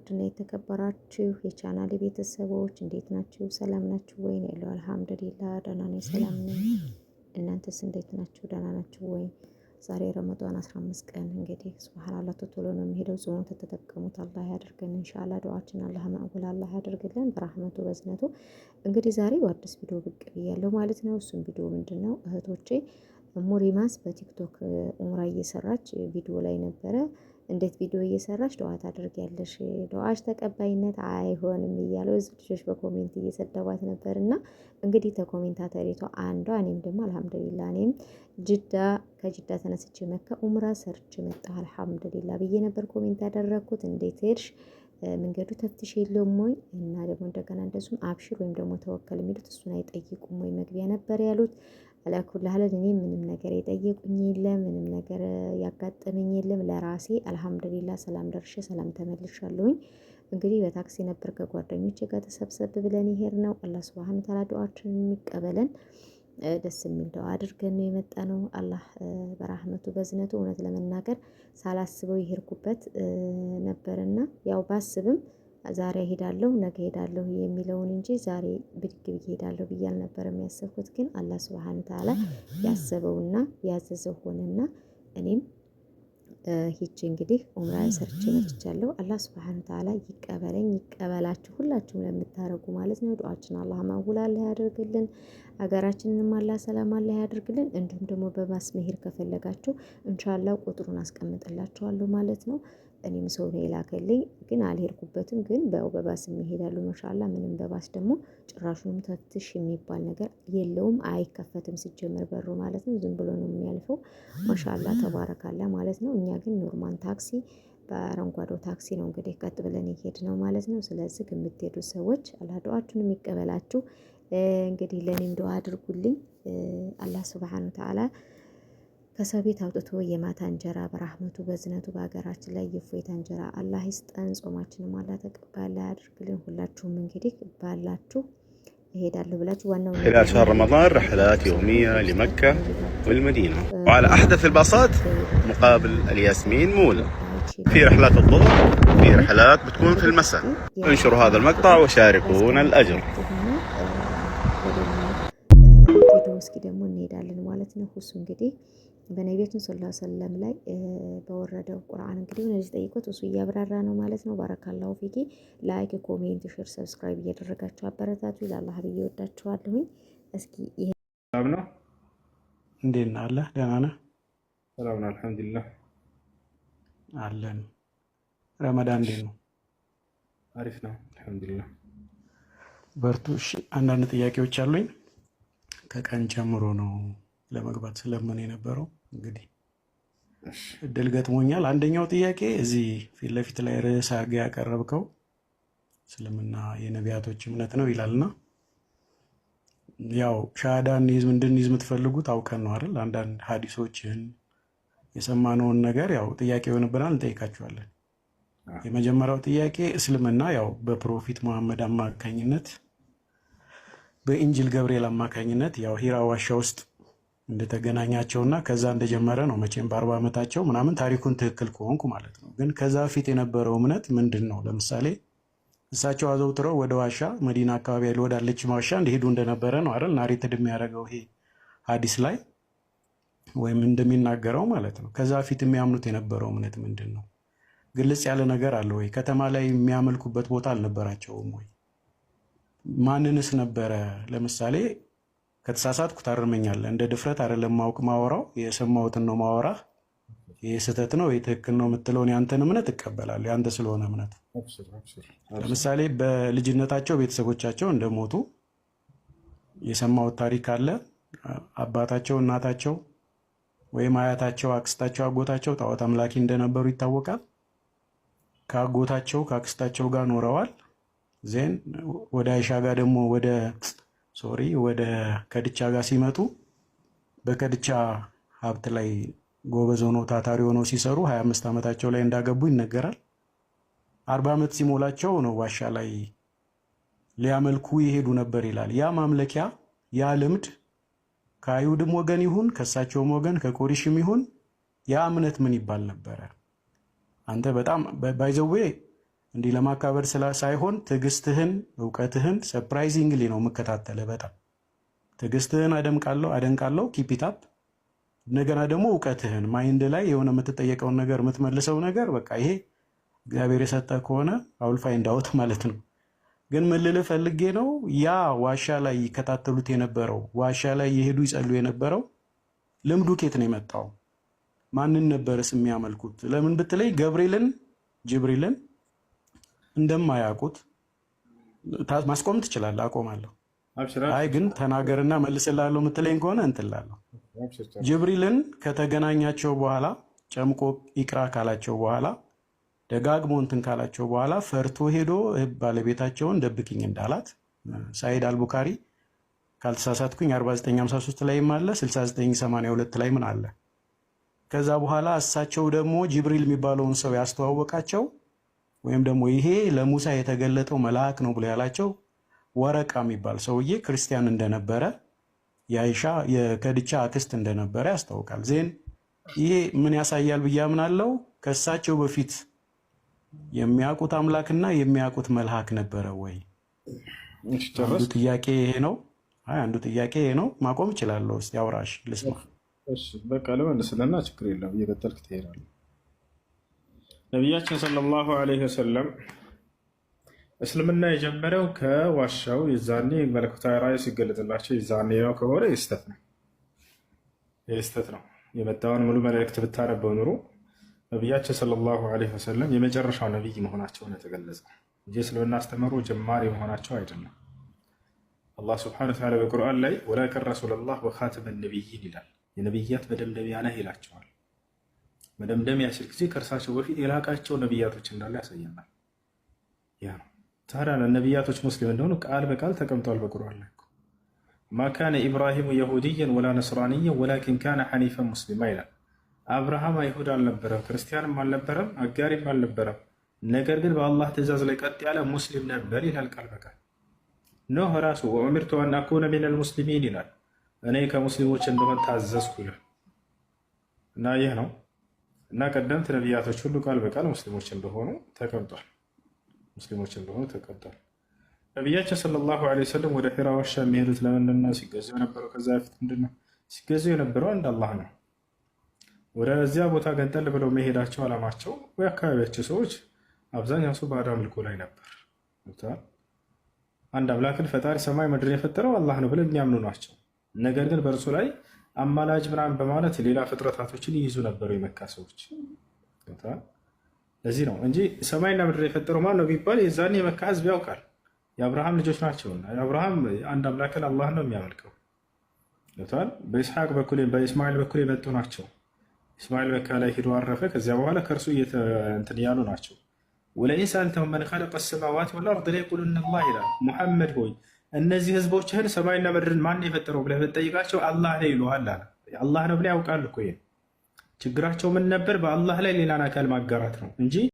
ውድና የተከበራችሁ የቻናል ቤተሰቦች እንዴት ናችሁ? ሰላም ናችሁ ወይ? ነው ያለው አልሐምዱሊላ ደህና ነኝ፣ ሰላም ነኝ። እናንተስ እንዴት ናችሁ? ደህና ናችሁ ወይ? ዛሬ ረመዷን 15 ቀን እንግዲህ ስብሓንላ ቶሎ ነው የሚሄደው። ጾሙን ተተጠቀሙት አላህ ያደርገን ኢንሻአላህ። ዱዓችን አላህ መቅቡል አላህ ያደርግልን በራህመቱ በዝነቱ። እንግዲህ ዛሬ በአዲስ ቪዲዮ ብቅ ብያለሁ ማለት ነው። እሱም ቪዲዮ ምንድን ነው እህቶቼ ሙሪማስ በቲክቶክ ኡምራ እየሰራች ቪዲዮ ላይ ነበረ እንዴት ቪዲዮ እየሰራሽ ዱዓ ታደርጊያለሽ? ደዋሽ ተቀባይነት አይሆንም እያለው ብዙ ልጆች በኮሜንት እየሰደቧት ነበር። እና እንግዲህ ተኮሜንታተሪቷ አንዷ እኔም ደግሞ አልሐምዱሊላ እኔም ጅዳ ከጅዳ ተነስቼ መካ ኡምራ ሰርች መጣሁ አልሐምዱሊላ ብዬ ነበር ኮሜንት ያደረግኩት። እንዴት ሄድሽ? መንገዱ ተፍትሽ የለውም ወይ? እና ደግሞ እንደገና እንደሱም አብሽር ወይም ደግሞ ተወከል የሚሉት እሱን አይጠይቁም ወይ መግቢያ ነበር ያሉት። አላኩላህል እኔ ምንም ነገር የጠየቁኝ የለም፣ ምንም ነገር ያጋጠመኝ የለም። ለራሴ አልሐምዱሊላ ሰላም ደርሼ ሰላም ተመልሻለሁኝ። እንግዲህ በታክሲ ነበር ከጓደኞች ጋር ተሰብሰብ ብለን ይሄድ ነው። አላህ ስብሃነ ተዓላ ዱዓችንን የሚቀበለን ደስ የሚል ደዋ አድርገን ነው የመጣ ነው። አላህ በራህመቱ በዝነቱ እውነት ለመናገር ሳላስበው የሄድኩበት ነበርና ያው ባስብም ዛሬ ሄዳለሁ ነገ ሄዳለሁ የሚለውን እንጂ ዛሬ ብድግ ብዬ እሄዳለሁ ብዬ አልነበረም ያሰብኩት። ግን አላህ ስብሃነ ተዓላ ያሰበውና ያዘዘው ሆነና እኔም ሄጄ እንግዲህ ኡምራ ሰርቼ መጥቻለሁ። አላህ ስብሃነ ተዓላ ይቀበለኝ ይቀበላችሁ ሁላችሁም ለምታደርጉ ማለት ነው። ዱዓችን አላህ ማቅቡል አላህ ያድርግልን። ሀገራችንንም አላህ ሰላም አላህ ያደርግልን። እንዲሁም ደግሞ በባስ መሄድ ከፈለጋችሁ ኢንሻአላህ ቁጥሩን አስቀምጥላችኋለሁ ማለት ነው። እኔም ሰው ነው የላከልኝ፣ ግን አልሄድኩበትም። ግን በው በባስ የሚሄዳሉ መሻላ ምንም በባስ ደግሞ ጭራሹንም ተፍትሽ የሚባል ነገር የለውም፣ አይከፈትም ሲጀመር በሩ ማለት ነው። ዝም ብሎ ነው የሚያልፈው። መሻላ ተባረካላ ማለት ነው። እኛ ግን ኖርማን ታክሲ በአረንጓዴው ታክሲ ነው እንግዲህ ቀጥ ብለን ይሄድ ነው ማለት ነው። ስለዚህ የምትሄዱ ሰዎች አላህ ዱዓችሁን የሚቀበላችሁ እንግዲህ ለእኔም ዱዓ አድርጉልኝ። አላህ ስብሓን ተዓላ ከሰው ቤት አውጥቶ የማታ እንጀራ በራህመቱ በዝነቱ በሀገራችን ላይ የእፎይታ እንጀራ አላህ ይስጠን። ጾማችንም አላህ ተቀባይ አድርግልን። ሁላችሁም እንግዲህ ባላችሁ እሄዳለሁ ብላችሁ ዋናው خلال شهر رمضان رحلات يومية لمكة والمدينة وعلى أحدث الباصات مقابل الياسمين مولى في رحلات الظهر في رحلات بتكون في المساء انشروا هذا المقطع وشاركونا الأجر ነው። እሱ እንግዲህ በነቢያችን ሰለላሁ ላ ሰለም ላይ በወረደው ቁርአን እንግዲህ እነዚህ ጠይቆት እሱ እያብራራ ነው ማለት ነው። ባረካላሁ ፊኪ። ላይክ፣ ኮሜንት፣ ሽር፣ ሰብስክራይብ እያደረጋችሁ አበረታቱ። ለአላህ ብዬ ወዳችኋለሁኝ። እስኪ ይሄ ነው። እንዴት ነህ? አለ ደህና ነህ? ሰላም ነው አልሐምዱሊላህ አለን። ረመዳን እንዴት ነው? አሪፍ ነው አልሐምዱሊላህ። በርቱ። እሺ አንዳንድ ጥያቄዎች አሉኝ ከቀን ጀምሮ ነው ለመግባት ስለምን የነበረው እንግዲህ እድል ገጥሞኛል። አንደኛው ጥያቄ እዚህ ፊት ለፊት ላይ ርዕስ አድርገህ ያቀረብከው እስልምና የነቢያቶች እምነት ነው ይላልና ያው ሻሃዳ እንይዝ እንድንይዝ የምትፈልጉት አውቀን ነው አይደል? አንዳንድ ሀዲሶችን የሰማነውን ነገር ያው ጥያቄ ይሆንብናል፣ እንጠይቃችኋለን። የመጀመሪያው ጥያቄ እስልምና ያው በፕሮፊት መሐመድ አማካኝነት በኢንጅል ገብርኤል አማካኝነት ያው ሂራ ዋሻ ውስጥ እንደተገናኛቸውና ከዛ እንደጀመረ ነው መቼም በአርባ ዓመታቸው ምናምን ታሪኩን ትክክል ከሆንኩ ማለት ነው። ግን ከዛ ፊት የነበረው እምነት ምንድን ነው? ለምሳሌ እሳቸው አዘውትረው ወደ ዋሻ መዲና አካባቢ ያለ ወዳለች ዋሻ እንደሄዱ እንደነበረ ነው አይደል? ናሬትድ የሚያደርገው ይሄ ሀዲስ ላይ ወይም እንደሚናገረው ማለት ነው። ከዛ ፊት የሚያምኑት የነበረው እምነት ምንድን ነው? ግልጽ ያለ ነገር አለ ወይ? ከተማ ላይ የሚያመልኩበት ቦታ አልነበራቸውም ወይ? ማንንስ ነበረ? ለምሳሌ ከተሳሳትኩ ታርመኛለህ። እንደ ድፍረት አይደለም ማውቅ ማወራው የሰማሁትን ነው ማወራ። ይህ ስህተት ነው ይህ ትክክል ነው የምትለውን ያንተን እምነት እቀበላለሁ። ያንተ ስለሆነ እምነት ለምሳሌ በልጅነታቸው ቤተሰቦቻቸው እንደሞቱ የሰማሁት ታሪክ አለ። አባታቸው፣ እናታቸው ወይም አያታቸው፣ አክስታቸው፣ አጎታቸው ጣዖት አምላኪ እንደነበሩ ይታወቃል። ከአጎታቸው ከአክስታቸው ጋር ኖረዋል። ዜን ወደ አይሻ ጋር ደግሞ ወደ ሶሪ ወደ ከድቻ ጋር ሲመጡ በከድቻ ሀብት ላይ ጎበዝ ሆነው ታታሪ ሆነው ሲሰሩ 25 ዓመታቸው ላይ እንዳገቡ ይነገራል። አርባ ዓመት ሲሞላቸው ነው ዋሻ ላይ ሊያመልኩ ይሄዱ ነበር ይላል። ያ ማምለኪያ ያ ልምድ ከአይሁድም ወገን ይሁን ከእሳቸውም ወገን ከቆሪሽም ይሁን ያ እምነት ምን ይባል ነበረ? አንተ በጣም ባይዘዌ እንዲህ ለማካበድ ሳይሆን ትዕግስትህን፣ እውቀትህን ሰርፕራይዚንግሊ ነው የምከታተልህ። በጣም ትዕግስትህን አደምቃለሁ አደንቃለሁ። ኪፒታፕ እንደገና ደግሞ እውቀትህን ማይንድ ላይ የሆነ የምትጠየቀውን ነገር የምትመልሰው ነገር በቃ ይሄ እግዚአብሔር የሰጠ ከሆነ አውል ፋይንድ አውት ማለት ነው። ግን ምልልህ ፈልጌ ነው ያ ዋሻ ላይ ይከታተሉት የነበረው ዋሻ ላይ የሄዱ ይጸሉ የነበረው ልምዱ ኬት ነው የመጣው? ማንን ነበርስ የሚያመልኩት? ለምን ብትለይ ገብርኤልን፣ ጅብሪልን እንደማያውቁት ማስቆም ትችላለህ። አቆማለሁ። አይ ግን ተናገርና መልስላለሁ የምትለኝ ከሆነ እንትላለሁ። ጅብሪልን ከተገናኛቸው በኋላ ጨምቆ ይቅራ ካላቸው በኋላ ደጋግሞ እንትን ካላቸው በኋላ ፈርቶ ሄዶ ባለቤታቸውን ደብቅኝ እንዳላት ሳይድ አልቡካሪ ካልተሳሳትኩኝ 4953 ላይም አለ 6982 ላይ ምን አለ። ከዛ በኋላ እሳቸው ደግሞ ጅብሪል የሚባለውን ሰው ያስተዋወቃቸው ወይም ደግሞ ይሄ ለሙሳ የተገለጠው መልአክ ነው ብሎ ያላቸው ወረቃ የሚባል ሰውዬ ክርስቲያን እንደነበረ የአይሻ የከድቻ አክስት እንደነበረ ያስታውቃል። ዜን ይሄ ምን ያሳያል ብዬ አምናለሁ። ከእሳቸው በፊት የሚያውቁት አምላክና የሚያውቁት መልአክ ነበረ ወይ? አንዱ ጥያቄ ይሄ ነው። አይ አንዱ ጥያቄ ይሄ ነው። ማቆም እችላለሁ። እስኪ አውራሽ ልስማ። በቃ ልመልስልና ችግር የለም እየቀጠልክ ትሄዳለህ። ነቢያችን ሰለላሁ አለይሂ ወሰለም እስልምና የጀመረው ከዋሻው የዛኔ መለኮታዊ ራእይ ሲገለጥላቸው የዛኔ ነው ከሆነ የስተት ነው የስተት ነው። የመጣውን ሙሉ መልእክት ብታነበው ኑሮ ነቢያችን ሰለላሁ አለይሂ ወሰለም የመጨረሻው ነቢይ መሆናቸውን የተገለጸ እንጂ እስልምና አስተምሮ ጀማሪ መሆናቸው አይደለም። አላህ ስብሐነሁ ወተዓላ በቁርአን ላይ ወላኪን ረሱለላህ ወኻተመ ነቢይን ይላል። የነቢያት መደምደሚያ ነህ ይላቸዋል። መደምደሚያ ሲል ጊዜ ከእርሳቸው በፊት የላቃቸው ነቢያቶች እንዳለ ያሳየናል። ያ ነው ታዲያ ነቢያቶች ሙስሊም እንደሆኑ ቃል በቃል ተቀምጧል በቁርአን ላይ። ማ ካነ ኢብራሂሙ የሁድየን ወላ ነስራንየን ወላኪን ካነ ሐኒፈን ሙስሊማ ይላል። አብርሃም አይሁድ አልነበረም፣ ክርስቲያንም አልነበረም፣ አጋሪም አልነበረም። ነገር ግን በአላህ ትእዛዝ ላይ ቀጥ ያለ ሙስሊም ነበር ይላል ቃል በቃል። ኖህ ራሱ ወኡሚርቱ አን አኩነ ሚነል ሙስሊሚን ይላል። እኔ ከሙስሊሞች እንደሆን ታዘዝኩ ይላል እና ይህ ነው እና ቀደምት ነቢያቶች ሁሉ ቃል በቃል ሙስሊሞች እንደሆኑ ተቀምጧል። ሙስሊሞች እንደሆኑ ተቀምጧል። ነቢያችን ሰለላሁ ዐለይሂ ወሰለም ወደ ሒራ ዋሻ የሚሄዱት ለምንድን ነው? ሲገዙ የነበረው ከዛ በፊት ምንድን ነው ሲገዙ የነበረው? አንድ አላህ ነው። ወደዚያ ቦታ ገንጠል ብለው መሄዳቸው አላማቸው፣ አካባቢያቸው ሰዎች አብዛኛው ሰው ባዕድ አምልኮ ላይ ነበር። አንድ አምላክን ፈጣሪ ሰማይ ምድርን የፈጠረው አላህ ነው ብለው የሚያምኑ ናቸው። ነገር ግን በእርሱ ላይ አማላጅ ምናምን በማለት ሌላ ፍጥረታቶችን ይይዙ ነበሩ የመካ ሰዎች። ለዚህ ነው እንጂ ሰማይና ምድር የፈጠረው ማን ነው ቢባል የዛን የመካ ህዝብ ያውቃል። የአብርሃም ልጆች ናቸው። አብርሃም አንድ አምላክን አላህ ነው የሚያመልከው። በኢስሐቅ በኩል በእስማኤል በኩል የመጡ ናቸው። እስማኤል መካ ላይ ሂዶ አረፈ። ከዚያ በኋላ ከእርሱ እንትን እያሉ ናቸው። ወለኢን ሰአልተሁም መን ኸለቀ ሰማዋት ወልአርድ ለየቁሉነ አላህ ይላል። ሙሐመድ ሆይ እነዚህ ህዝቦችህን ሰማይና ምድርን ማን የፈጠረው ብለህ ብትጠይቃቸው አላህ ነው ይሉሃል አለ። አላህ ነው ብለህ ያውቃል እኮ ችግራቸው ምን ነበር? በአላህ ላይ ሌላን አካል ማጋራት ነው እንጂ